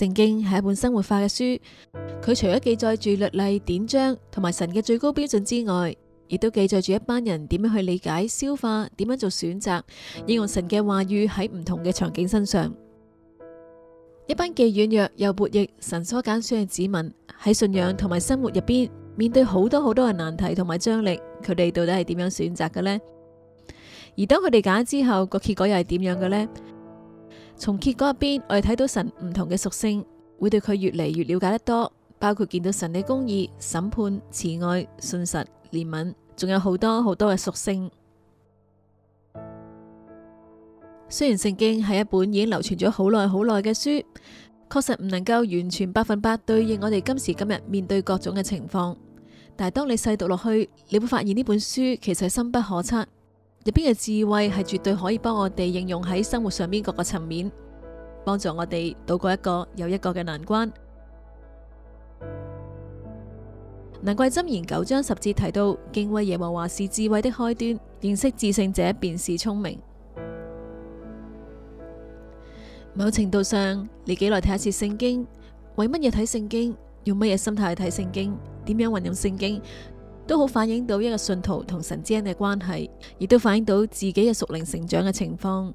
《聖經》係一本生活化嘅書，佢除咗記載住律例、典章同埋神嘅最高標準之外，亦都記載住一班人點樣去理解、消化、點樣做選擇，應用神嘅話語喺唔同嘅場景身上。一班既軟弱又活躍，神所揀選嘅子民喺信仰同埋生活入邊，面對好多好多嘅難題同埋張力，佢哋到底係點樣選擇嘅呢？而當佢哋揀之後，個結果又係點樣嘅呢？從結果入邊，我哋睇到神唔同嘅屬性，會對佢越嚟越了解得多，包括見到神嘅公義、審判、慈愛、信實、憐憫，仲有好多好多嘅屬性。雖然聖經係一本已經流傳咗好耐好耐嘅書，確實唔能夠完全百分百對應我哋今時今日面對各種嘅情況，但係當你細讀落去，你會發現呢本書其實係深不可測。入邊嘅智慧係絕對可以幫我哋應用喺生活上邊各個層面，幫助我哋度過一個又一個嘅難關。難怪箴言九章十節提到：敬畏耶和華是智慧的開端，認識至聖者便是聰明。某程度上，你幾耐睇一次聖經？為乜嘢睇聖經？用乜嘢心態去睇聖經？點樣運用聖經？都好反映到一個信徒同神之間嘅關係，亦都反映到自己嘅屬靈成長嘅情況。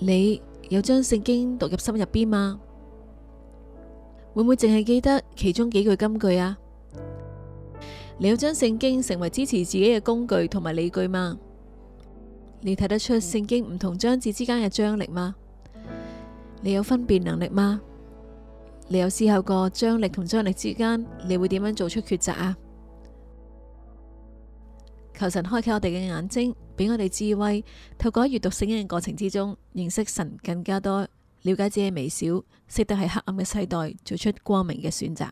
你有將聖經讀入心入邊嗎？會唔會淨係記得其中幾句金句啊？你有將聖經成為支持自己嘅工具同埋理據嗎？你睇得出聖經唔同章節之間嘅張力嗎？你有分辨能力嗎？你有思考過張力同張力之間，你會點樣做出抉擇啊？求神開啟我哋嘅眼睛，俾我哋智慧，透過閱讀聖經嘅過程之中，認識神更加多，了解自己微小，識得喺黑暗嘅世代做出光明嘅選擇。